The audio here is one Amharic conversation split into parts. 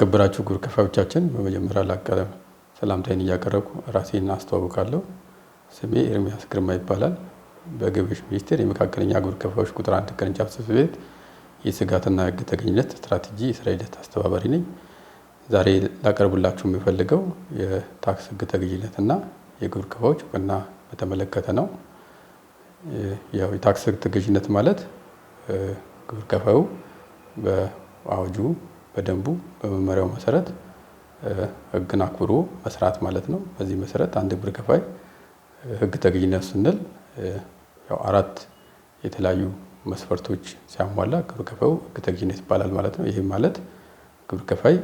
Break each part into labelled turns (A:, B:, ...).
A: የተከበራችሁ ግብር ከፋዮቻችን በመጀመሪያ ላቀረብ ሰላምታይን እያቀረብኩ ራሴን አስተዋውቃለሁ። ስሜ ኤርሚያስ ግርማ ይባላል። በገቢዎች ሚኒስቴር የመካከለኛ ግብር ከፋዮች ቁጥር አንድ ቅርንጫፍ ጽሕፈት ቤት የስጋትና ሕግ ተገኝነት ስትራቴጂ የስራ ሂደት አስተባባሪ ነኝ። ዛሬ ላቀርብላችሁ የሚፈልገው የታክስ ሕግ ተገኝነትና የግብር ከፋዮች እውቅና በተመለከተ ነው። የታክስ ሕግ ተገኝነት ማለት ግብር ከፋዩ በአዋጁ በደንቡ በመመሪያው መሰረት ህግን አክብሮ መስራት ማለት ነው። በዚህ መሰረት አንድ ግብር ከፋይ ህግ ተገኝነት ስንል ያው አራት የተለያዩ መስፈርቶች ሲያሟላ ግብር ከፋዩ ህግ ተገኝነት ይባላል ማለት ነው። ይህም ማለት ግብር ከፋይ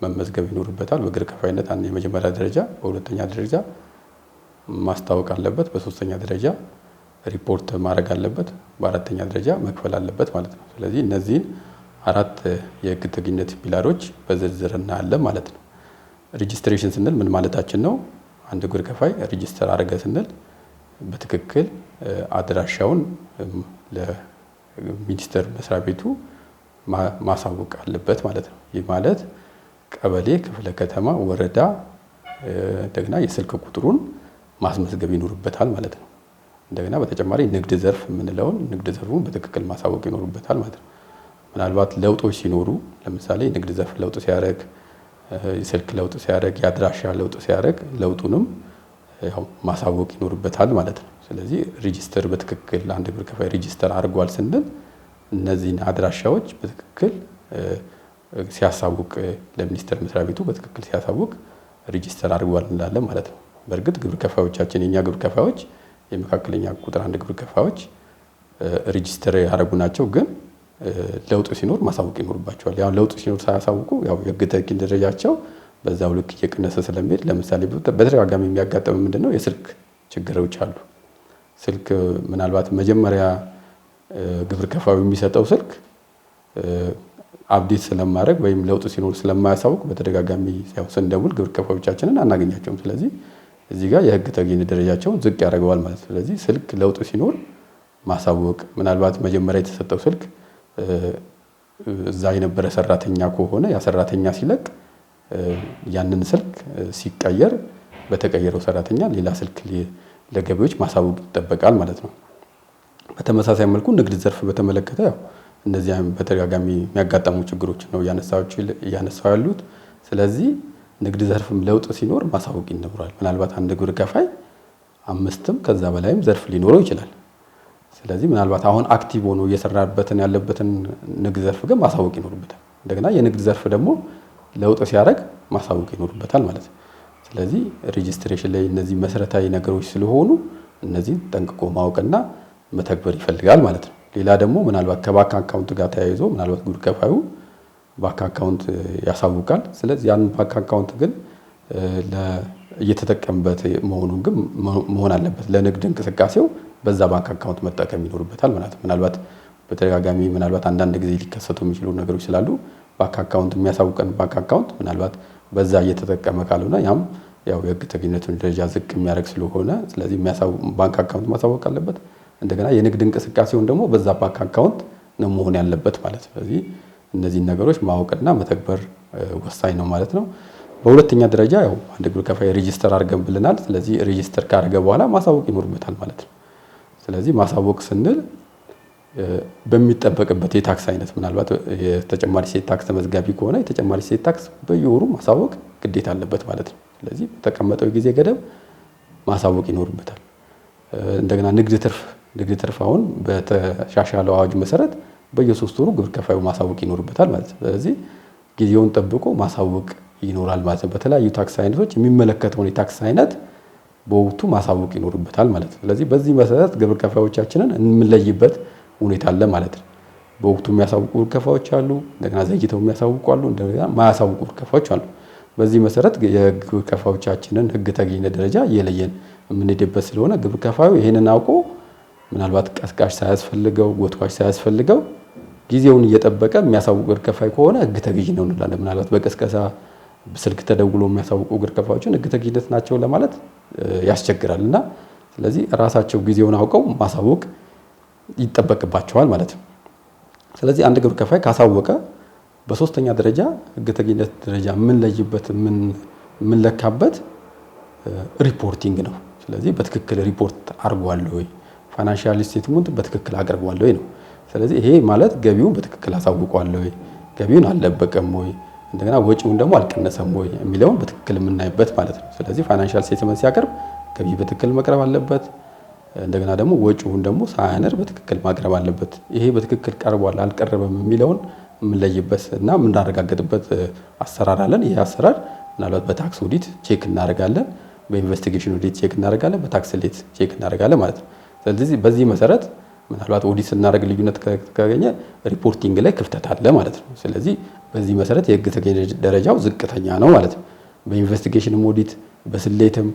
A: በመመዝገብ ይኖርበታል። በግብር ከፋይነት የመጀመሪያ ደረጃ፣ በሁለተኛ ደረጃ ማስታወቅ አለበት፣ በሶስተኛ ደረጃ ሪፖርት ማድረግ አለበት፣ በአራተኛ ደረጃ መክፈል አለበት ማለት ነው። ስለዚህ እነዚህን አራት የህግ ተገኝነት ፒላሮች በዝርዝር እናያለን ማለት ነው። ሬጅስትሬሽን ስንል ምን ማለታችን ነው? አንድ ግብር ከፋይ ሬጅስተር አድርገ ስንል በትክክል አድራሻውን ለሚኒስቴር መስሪያ ቤቱ ማሳወቅ አለበት ማለት ነው። ይህ ማለት ቀበሌ፣ ክፍለ ከተማ፣ ወረዳ እንደገና የስልክ ቁጥሩን ማስመዝገብ ይኖርበታል ማለት ነው። እንደገና በተጨማሪ ንግድ ዘርፍ የምንለውን ንግድ ዘርፉን በትክክል ማሳወቅ ይኖርበታል ማለት ነው። ምናልባት ለውጦች ሲኖሩ ለምሳሌ ንግድ ዘርፍ ለውጥ ሲያደርግ፣ የስልክ ለውጥ ሲያደርግ፣ የአድራሻ ለውጥ ሲያደርግ ለውጡንም ያው ማሳወቅ ይኖርበታል ማለት ነው። ስለዚህ ሬጅስተር በትክክል አንድ ግብር ከፋይ ሬጅስተር አድርጓል ስንል እነዚህን አድራሻዎች በትክክል ሲያሳውቅ ለሚኒስቴር መስሪያ ቤቱ በትክክል ሲያሳውቅ ሬጅስተር አድርጓል እንላለን ማለት ነው። በእርግጥ ግብር ከፋዮቻችን የኛ ግብር ከፋዮች የመካከለኛ ቁጥር አንድ ግብር ከፋዮች ሪጂስተር ያደረጉ ናቸው ግን ለውጥ ሲኖር ማሳወቅ ይኖርባቸዋል። ያው ለውጥ ሲኖር ሳያሳውቁ ያው የእርግጠኝነት ደረጃቸው በዛው ልክ እየቀነሰ ስለሚሄድ ለምሳሌ በተደጋጋሚ የሚያጋጥም ምንድነው የስልክ ችግሮች አሉ። ስልክ ምናልባት መጀመሪያ ግብር ከፋዩ የሚሰጠው ስልክ አፕዴት ስለማድረግ ወይም ለውጥ ሲኖር ስለማያሳውቅ በተደጋጋሚ ያው ስንደውል ግብር ከፋዮቻችንን አናገኛቸውም። ስለዚህ እዚህ ጋር የህግ ተገኝ ደረጃቸውን ዝቅ ያደርገዋል ማለት ነው። ስለዚህ ስልክ ለውጥ ሲኖር ማሳወቅ ምናልባት መጀመሪያ የተሰጠው ስልክ እዛ የነበረ ሰራተኛ ከሆነ ያ ሰራተኛ ሲለቅ ያንን ስልክ ሲቀየር በተቀየረው ሰራተኛ ሌላ ስልክ ለገቢዎች ማሳወቅ ይጠበቃል ማለት ነው። በተመሳሳይ መልኩ ንግድ ዘርፍ በተመለከተ ያው በተደጋጋሚ የሚያጋጠሙ ችግሮች ነው እያነሳው ያሉት። ስለዚህ ንግድ ዘርፍም ለውጥ ሲኖር ማሳወቅ ይኖራል። ምናልባት አንድ ግብር ከፋይ አምስትም ከዛ በላይም ዘርፍ ሊኖረው ይችላል። ስለዚህ ምናልባት አሁን አክቲቭ ሆኖ እየሰራበትን ያለበትን ንግድ ዘርፍ ግን ማሳወቅ ይኖርበታል። እንደገና የንግድ ዘርፍ ደግሞ ለውጥ ሲያደርግ ማሳወቅ ይኖርበታል ማለት ነው። ስለዚህ ሬጅስትሬሽን ላይ እነዚህ መሰረታዊ ነገሮች ስለሆኑ እነዚህን ጠንቅቆ ማወቅና መተግበር ይፈልጋል ማለት ነው። ሌላ ደግሞ ምናልባት ከባንክ አካውንት ጋር ተያይዞ ምናልባት ጉድ ከፋዩ ባንክ አካውንት ያሳውቃል። ስለዚህ ያን ባንክ አካውንት ግን እየተጠቀምበት መሆኑን ግን መሆን አለበት ለንግድ እንቅስቃሴው በዛ ባንክ አካውንት መጠቀም ይኖርበታል ማለት ነው። ምናልባት በተደጋጋሚ ምናልባት አንዳንድ ጊዜ ሊከሰቱ የሚችሉ ነገሮች ስላሉ ባንክ አካውንት የሚያሳውቀን ባንክ አካውንት ምናልባት በዛ እየተጠቀመ ካልሆነ ያም ያው የሕግ ተገኝነቱን ደረጃ ዝቅ የሚያደርግ ስለሆነ ስለዚህ ባንክ አካውንት ማሳወቅ አለበት። እንደገና የንግድ እንቅስቃሴውን ደግሞ በዛ ባንክ አካውንት ነው መሆን ያለበት ማለት ነው። ስለዚህ እነዚህን ነገሮች ማወቅና መተግበር ወሳኝ ነው ማለት ነው። በሁለተኛ ደረጃ ያው አንድ ግብር ከፋይ ሬጂስተር አድርገን ብለናል። ስለዚህ ሬጂስተር ካደረገ በኋላ ማሳወቅ ይኖርበታል ማለት ነው። ስለዚህ ማሳወቅ ስንል በሚጠበቅበት የታክስ አይነት ምናልባት የተጨማሪ እሴት ታክስ ተመዝጋቢ ከሆነ የተጨማሪ እሴት ታክስ በየወሩ ማሳወቅ ግዴታ አለበት ማለት ነው። ስለዚህ በተቀመጠው ጊዜ ገደብ ማሳወቅ ይኖርበታል። እንደገና ንግድ ትርፍ ንግድ ትርፍ አሁን በተሻሻለው አዋጅ መሰረት በየሶስት ወሩ ግብር ከፋዩ ማሳወቅ ይኖርበታል ማለት ነው። ስለዚህ ጊዜውን ጠብቆ ማሳወቅ ይኖራል ማለት ነው። በተለያዩ ታክስ አይነቶች የሚመለከተውን የታክስ አይነት በወቅቱ ማሳወቅ ይኖርበታል ማለት ነው። ስለዚህ በዚህ መሰረት ግብር ከፋዮቻችንን የምንለይበት ሁኔታ አለ ማለት ነው። በወቅቱ የሚያሳውቁ ግብር ከፋዮች አሉ፣ እንደገና ዘግይተው የሚያሳውቁ አሉ፣ እንደገና ማያሳውቁ ግብር ከፋዮች አሉ። በዚህ መሰረት የግብር ከፋዮቻችንን ሕግ ተገኝነት ደረጃ እየለየን የምንሄድበት ስለሆነ ግብር ከፋዩ ይህንን አውቆ ምናልባት ቀስቃሽ ሳያስፈልገው ጎትኳሽ ሳያስፈልገው ጊዜውን እየጠበቀ የሚያሳውቅ ግብር ከፋይ ከሆነ ህግ ተገዥ ነው እንላለን። ምናልባት በቀስቀሳ ስልክ ተደውሎ የሚያሳውቁ እግር ከፋዎችን ህግ ናቸው ለማለት ያስቸግራል እና ስለዚህ ራሳቸው ጊዜውን አውቀው ማሳወቅ ይጠበቅባቸዋል ማለት ነው። ስለዚህ አንድ ግብር ከፋይ ካሳወቀ በሶስተኛ ደረጃ ህግ ተገኝነት ደረጃ የምንለይበት የምንለካበት ሪፖርቲንግ ነው። ስለዚህ በትክክል ሪፖርት አድርጓል ወይ ፋይናንሻል ስቴትመንት በትክክል አቅርቧል ወይ ነው። ስለዚህ ይሄ ማለት ገቢውን በትክክል አሳውቋል ወይ፣ ገቢውን አልለበቀም ወይ እንደገና ወጪውን ደግሞ አልቀነሰም ወይ የሚለውን በትክክል የምናይበት ማለት ነው። ስለዚህ ፋይናንሻል ስቴትመንት ሲያቀርብ ገቢ በትክክል መቅረብ አለበት። እንደገና ደግሞ ወጪውን ደግሞ ሳያንር በትክክል ማቅረብ አለበት። ይሄ በትክክል ቀርቧል አልቀረበም የሚለውን የምንለይበት እና የምናረጋግጥበት አሰራር አለን። ይህ አሰራር ምናልባት በታክስ ኦዲት ቼክ እናደርጋለን፣ በኢንቨስቲጌሽን ኦዲት ቼክ እናደርጋለን፣ በታክስ ሌት ቼክ እናደርጋለን ማለት ነው። ስለዚህ በዚህ መሰረት ምናልባት ኦዲት ስናደርግ ልዩነት ካገኘ ሪፖርቲንግ ላይ ክፍተት አለ ማለት ነው። ስለዚህ በዚህ መሰረት የህግ ተገዥ ደረጃው ዝቅተኛ ነው ማለት ነው። በኢንቨስቲጌሽንም ኦዲት በስሌትም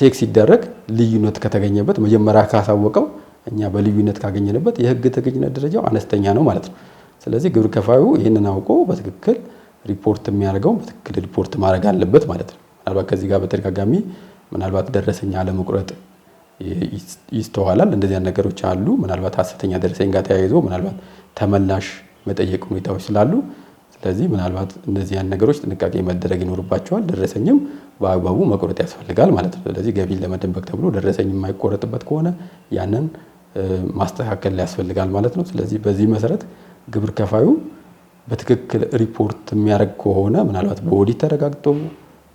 A: ቼክ ሲደረግ ልዩነት ከተገኘበት መጀመሪያ ካሳወቀው እኛ በልዩነት ካገኘንበት የህግ ተገዥነት ደረጃው አነስተኛ ነው ማለት ነው። ስለዚህ ግብር ከፋዩ ይህንን አውቆ በትክክል ሪፖርት የሚያደርገውን በትክክል ሪፖርት ማድረግ አለበት ማለት ነው። ምናልባት ከዚህ ጋር በተደጋጋሚ ምናልባት ደረሰኛ አለመቁረጥ ይስተዋላል። እንደዚያን ነገሮች አሉ። ምናልባት ሀሰተኛ ደረሰኝ ጋር ተያይዞ ምናልባት ተመላሽ መጠየቅ ሁኔታዎች ስላሉ ስለዚህ ምናልባት እነዚያን ነገሮች ጥንቃቄ መደረግ ይኖርባቸዋል። ደረሰኝም በአግባቡ መቁረጥ ያስፈልጋል ማለት ነው። ስለዚህ ገቢን ለመደበቅ ተብሎ ደረሰኝ የማይቆረጥበት ከሆነ ያንን ማስተካከል ያስፈልጋል ማለት ነው። ስለዚህ በዚህ መሰረት ግብር ከፋዩ በትክክል ሪፖርት የሚያደርግ ከሆነ ምናልባት በኦዲት ተረጋግጦ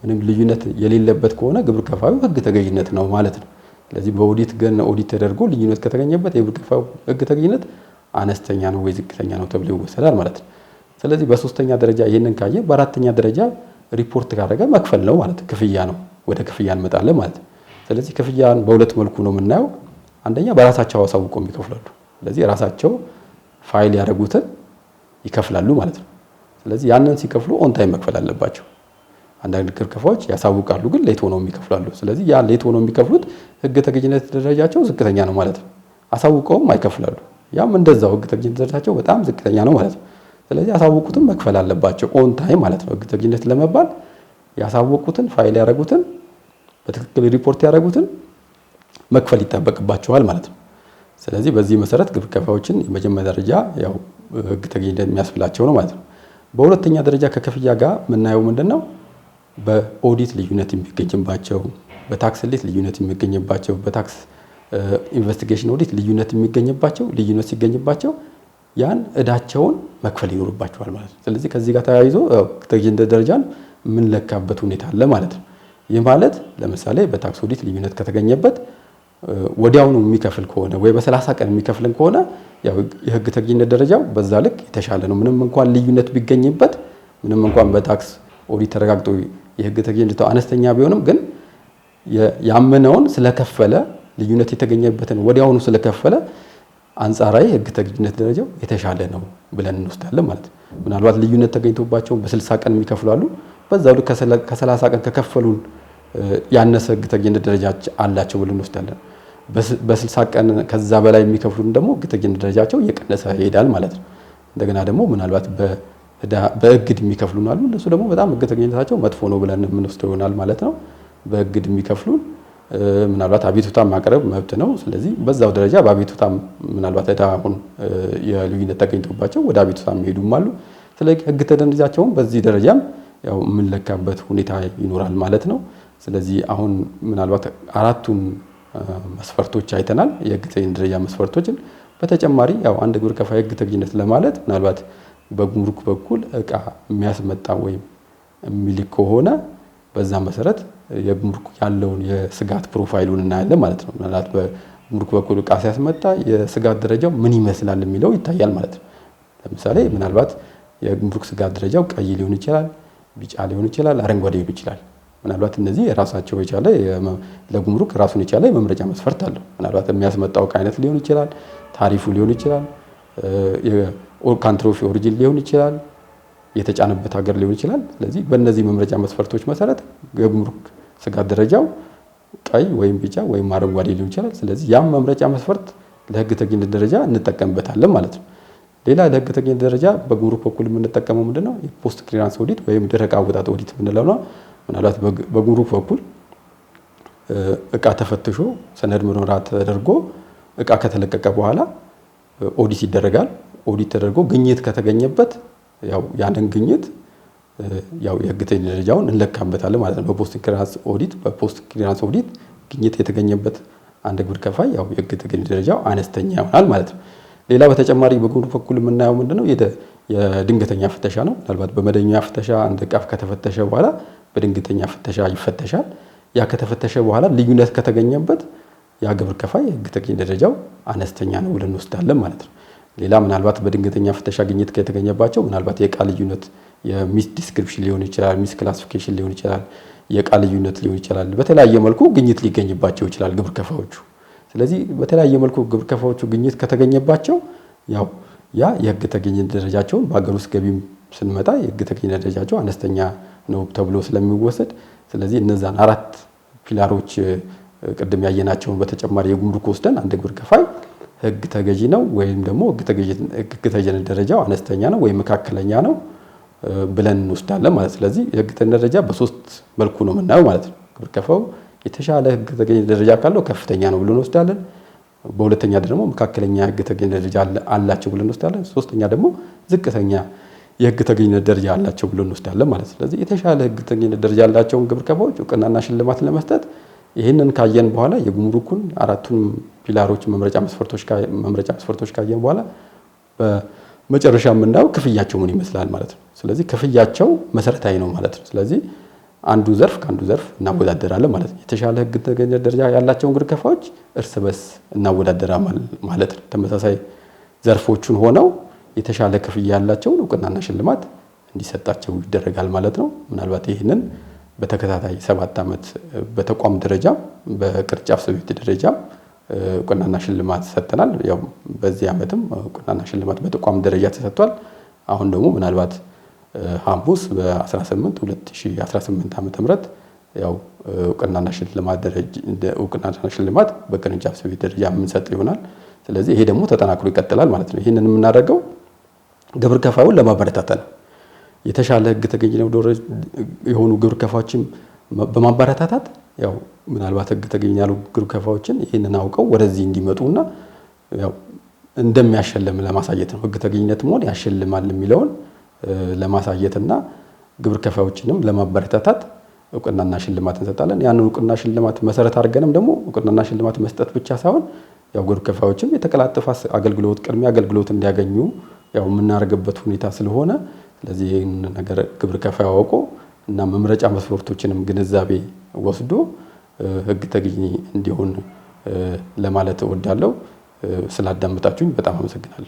A: ምንም ልዩነት የሌለበት ከሆነ ግብር ከፋዩ ህግ ተገዥነት ነው ማለት ነው። ስለዚህ በኦዲት ገና ኦዲት ተደርጎ ልዩነት ከተገኘበት የግብር ከፋዩ ህግ ተገዥነት አነስተኛ ነው ወይ ዝቅተኛ ነው ተብሎ ይወሰዳል ማለት ነው። ስለዚህ በሶስተኛ ደረጃ ይህንን ካየ በአራተኛ ደረጃ ሪፖርት ካደረገ መክፈል ነው ማለት ክፍያ ነው። ወደ ክፍያ እንመጣለን ማለት ነው። ስለዚህ ክፍያን በሁለት መልኩ ነው የምናየው። አንደኛ በራሳቸው አሳውቀው ይከፍላሉ። ስለዚህ ራሳቸው ፋይል ያደረጉትን ይከፍላሉ ማለት ነው። ስለዚህ ያንን ሲከፍሉ ኦንታይም መክፈል አለባቸው። አንዳንድ ክርክፋዎች ያሳውቃሉ፣ ግን ሌት ሆነው የሚከፍላሉ። ስለዚህ ያ ሌት ሆነው የሚከፍሉት ህግ ተገዥነት ደረጃቸው ዝቅተኛ ነው ማለት ነው። አሳውቀውም አይከፍላሉ። ያም እንደዛው ህግ ተገዥነታቸው በጣም ዝቅተኛ ነው ማለት ነው። ስለዚህ ያሳወቁትን መክፈል አለባቸው ኦን ታይም ማለት ነው። ህግ ተገዥነት ለመባል ያሳወቁትን ፋይል ያደረጉትን በትክክል ሪፖርት ያደረጉትን መክፈል ይጠበቅባቸዋል ማለት ነው። ስለዚህ በዚህ መሰረት ግብር ከፋዮችን የመጀመሪያ ደረጃ ያው ህግ ተገዥነት የሚያስብላቸው ነው ማለት ነው። በሁለተኛ ደረጃ ከክፍያ ጋር የምናየው ምንድን ነው? በኦዲት ልዩነት የሚገኝባቸው፣ በታክስ ሌት ልዩነት የሚገኝባቸው፣ በታክስ ኢንቨስቲጌሽን ኦዲት ልዩነት የሚገኝባቸው ልዩነት ሲገኝባቸው ያን እዳቸውን መክፈል ይኖርባቸዋል ማለት ነው። ስለዚህ ከዚህ ጋር ተያይዞ ተግባራዊነት ደረጃን የምንለካበት ሁኔታ አለ ማለት ነው። ይህ ማለት ለምሳሌ በታክስ ኦዲት ልዩነት ከተገኘበት ወዲያውኑ የሚከፍል ከሆነ ወይ በሰላሳ ቀን የሚከፍልን ከሆነ የህግ ተገዥነት ደረጃው በዛ ልክ የተሻለ ነው። ምንም እንኳን ልዩነት ቢገኝበት፣ ምንም እንኳን በታክስ ኦዲት ተረጋግጦ የህግ ተገዥነቱ አነስተኛ ቢሆንም ግን ያመነውን ስለከፈለ ልዩነት የተገኘበትን ወዲያውኑ ስለከፈለ አንጻራዊ ህግ ተገዥነት ደረጃው የተሻለ ነው ብለን እንወስዳለን ማለት ነው። ምናልባት ልዩነት ተገኝቶባቸው በ60 ቀን የሚከፍሉ አሉ። በዛ ከሰላሳ ከ30 ቀን ከከፈሉን ያነሰ ህግ ተገዥነት ደረጃ አላቸው ብለን እንወስዳለን። በ60 ቀን ከዛ በላይ የሚከፍሉን ደግሞ ህግ ተገዥነት ደረጃቸው እየቀነሰ ይሄዳል ማለት ነው። እንደገና ደግሞ ምናልባት በእግድ የሚከፍሉን አሉ። እነሱ ደግሞ በጣም ህግ ተገዥነታቸው መጥፎ ነው ብለን የምንወስደው ይሆናል ማለት ነው። በእግድ የሚከፍሉን ምናልባት አቤቱታ ማቅረብ መብት ነው። ስለዚህ በዛው ደረጃ በአቤቱታ ምናልባት እዳ አሁን የልዩነት ተገኝቶባቸው ወደ አቤቱታ የሚሄዱም አሉ። ስለዚህ ህግ ተደረጃቸውን በዚህ ደረጃም ያው የምንለካበት ሁኔታ ይኖራል ማለት ነው። ስለዚህ አሁን ምናልባት አራቱን መስፈርቶች አይተናል፣ የህግ ተገኝ ደረጃ መስፈርቶችን። በተጨማሪ ያው አንድ ግብር ከፋይ ህግ ተገኝነት ለማለት ምናልባት በጉምሩክ በኩል እቃ የሚያስመጣ ወይም የሚልክ ከሆነ በዛ መሰረት የጉምሩክ ያለውን የስጋት ፕሮፋይሉን እናያለን ማለት ነው። ምናልባት በጉምሩክ በኩል እቃ ሲያስመጣ የስጋት ደረጃው ምን ይመስላል የሚለው ይታያል ማለት ነው። ለምሳሌ ምናልባት የጉምሩክ ስጋት ደረጃው ቀይ ሊሆን ይችላል፣ ቢጫ ሊሆን ይችላል፣ አረንጓዴ ሊሆን ይችላል። ምናልባት እነዚህ ራሳቸው የቻለ ለጉምሩክ ራሱን የቻለ የመምረጫ መስፈርት አለው። ምናልባት የሚያስመጣው እቃ አይነት ሊሆን ይችላል፣ ታሪፉ ሊሆን ይችላል፣ ካንትሮፊ ኦሪጂን ሊሆን ይችላል የተጫነበት ሀገር ሊሆን ይችላል። ስለዚህ በእነዚህ መምረጫ መስፈርቶች መሰረት የጉምሩክ ስጋት ደረጃው ቀይ ወይም ቢጫ ወይም አረንጓዴ ሊሆን ይችላል። ስለዚህ ያም መምረጫ መስፈርት ለህግ ተገኝነት ደረጃ እንጠቀምበታለን ማለት ነው። ሌላ ለህግ ተገኝነት ደረጃ በጉምሩክ በኩል የምንጠቀመው ምንድነው? የፖስት ክሊራንስ ኦዲት ወይም ደረቅ አወጣጥ ኦዲት የምንለው ነው። ምናልባት በጉምሩክ በኩል እቃ ተፈትሾ ሰነድ ምርመራ ተደርጎ እቃ ከተለቀቀ በኋላ ኦዲት ይደረጋል። ኦዲት ተደርጎ ግኝት ከተገኘበት ያው ያንን ግኝት ያው የህግ ደረጃውን እንለካበታለን ማለት ነው። በፖስት ክሊራንስ ኦዲት በፖስት ክሊራንስ ኦዲት ግኝት የተገኘበት አንድ ግብር ከፋይ ያው የህግ ደረጃው አነስተኛ ይሆናል ማለት ነው። ሌላ በተጨማሪ በግብር በኩል የምናየው ምንድነው የድንገተኛ ፍተሻ ነው። ምናልባት በመደኛ ፍተሻ አንድ ዕቃ ከተፈተሸ በኋላ በድንገተኛ ፍተሻ ይፈተሻል። ያ ከተፈተሸ በኋላ ልዩነት ከተገኘበት ያ ግብር ከፋይ የህግ ደረጃው አነስተኛ ነው ብለን እንወስዳለን ማለት ነው። ሌላ ምናልባት በድንገተኛ ፍተሻ ግኝት ከተገኘባቸው ምናልባት የቃል ልዩነት የሚስ ዲስክሪፕሽን ሊሆን ይችላል፣ ሚስ ክላሲፊኬሽን ሊሆን ይችላል፣ የቃል ልዩነት ሊሆን ይችላል። በተለያየ መልኩ ግኝት ሊገኝባቸው ይችላል ግብር ከፋዎቹ። ስለዚህ በተለያየ መልኩ ግብር ከፋዎቹ ግኝት ከተገኘባቸው ያው ያ የህግ ተገኝነት ደረጃቸውን በሀገር ውስጥ ገቢም ስንመጣ የህግ ተገኝነት ደረጃቸው አነስተኛ ነው ተብሎ ስለሚወሰድ ስለዚህ እነዛን አራት ፒላሮች ቅድም ያየናቸውን በተጨማሪ የጉምሩክ ወስደን አንድ ግብር ከፋይ ህግ ተገዢ ነው ወይም ደግሞ ህግ ተገዢነት ደረጃው አነስተኛ ነው ወይም መካከለኛ ነው ብለን እንወስዳለን ማለት። ስለዚህ የህግ ደረጃ በሶስት መልኩ ነው የምናየው ማለት ነው። ግብር ከፋው የተሻለ ህግ ተገዢነት ደረጃ ካለው ከፍተኛ ነው ብለን እንወስዳለን። በሁለተኛ ደግሞ መካከለኛ ህግ ተገዢነት ደረጃ አላቸው ብለን እንወስዳለን። ሶስተኛ ደግሞ ዝቅተኛ የህግ ተገኝነት ደረጃ አላቸው ብሎ እንወስዳለን ማለት። ስለዚህ የተሻለ ህግ ተገኝነት ደረጃ ያላቸውን ግብር ከፋዎች እውቅናና ሽልማት ለመስጠት ይህንን ካየን በኋላ የጉምሩኩን አራቱን ፒላሮች መምረጫ መስፈርቶች መምረጫ መስፈርቶች ካየን በኋላ በመጨረሻ የምናየው ክፍያቸው ምን ይመስላል ማለት ነው። ስለዚህ ክፍያቸው መሰረታዊ ነው ማለት ነው። ስለዚህ አንዱ ዘርፍ ከአንዱ ዘርፍ እናወዳደራለን ማለት ነው። የተሻለ ህግ ተገኘ ደረጃ ያላቸውን ግር ከፋዎች እርስ በስ እናወዳደራ ማለት ነው። ተመሳሳይ ዘርፎቹን ሆነው የተሻለ ክፍያ ያላቸውን እውቅናና ሽልማት እንዲሰጣቸው ይደረጋል ማለት ነው። ምናልባት ይህንን በተከታታይ ሰባት ዓመት በተቋም ደረጃ በቅርንጫፍ ጽሕፈት ቤት ደረጃም እውቅናና ሽልማት ሰጥተናል። ያው በዚህ ዓመትም እውቅናና ሽልማት በተቋም ደረጃ ተሰጥቷል። አሁን ደግሞ ምናልባት ሐሙስ በ18 2018 ዓ ም ያው እውቅናና ሽልማት እውቅናና ሽልማት በቅርንጫፍ ስቤት ደረጃ የምንሰጥ ይሆናል። ስለዚህ ይሄ ደግሞ ተጠናክሮ ይቀጥላል ማለት ነው። ይህንን የምናደርገው ግብር ከፋዩን ለማበረታተ ነው። የተሻለ ህግ ተገኝ የሆኑ ግብር ከፋዎችን በማበረታታት ያው ምናልባት ህግ ተገኝ ያሉ ግብ ከፋዎችን ይህንን አውቀው ወደዚህ እንዲመጡና ያው እንደሚያሸልም ለማሳየት ነው። ህግ ተገኝነት መሆን ያሸልማል የሚለውን ለማሳየትና ግብር ከፋዮችንም ለማበረታታት እውቅናና ሽልማት እንሰጣለን። ያንን እውቅና ሽልማት መሰረት አድርገንም ደግሞ እውቅናና ሽልማት መስጠት ብቻ ሳይሆን ያው ግብር ከፋዮችም የተቀላጠፈ አገልግሎት ቅድሚያ አገልግሎት እንዲያገኙ ያው የምናደርግበት ሁኔታ ስለሆነ ስለዚህ ይህን ነገር ግብር ከፋይ አውቆ እና መምረጫ መስፈርቶችንም ግንዛቤ ወስዶ ህግ ተገዢ እንዲሆን ለማለት እወዳለሁ። ስላዳምጣችሁኝ በጣም አመሰግናለሁ።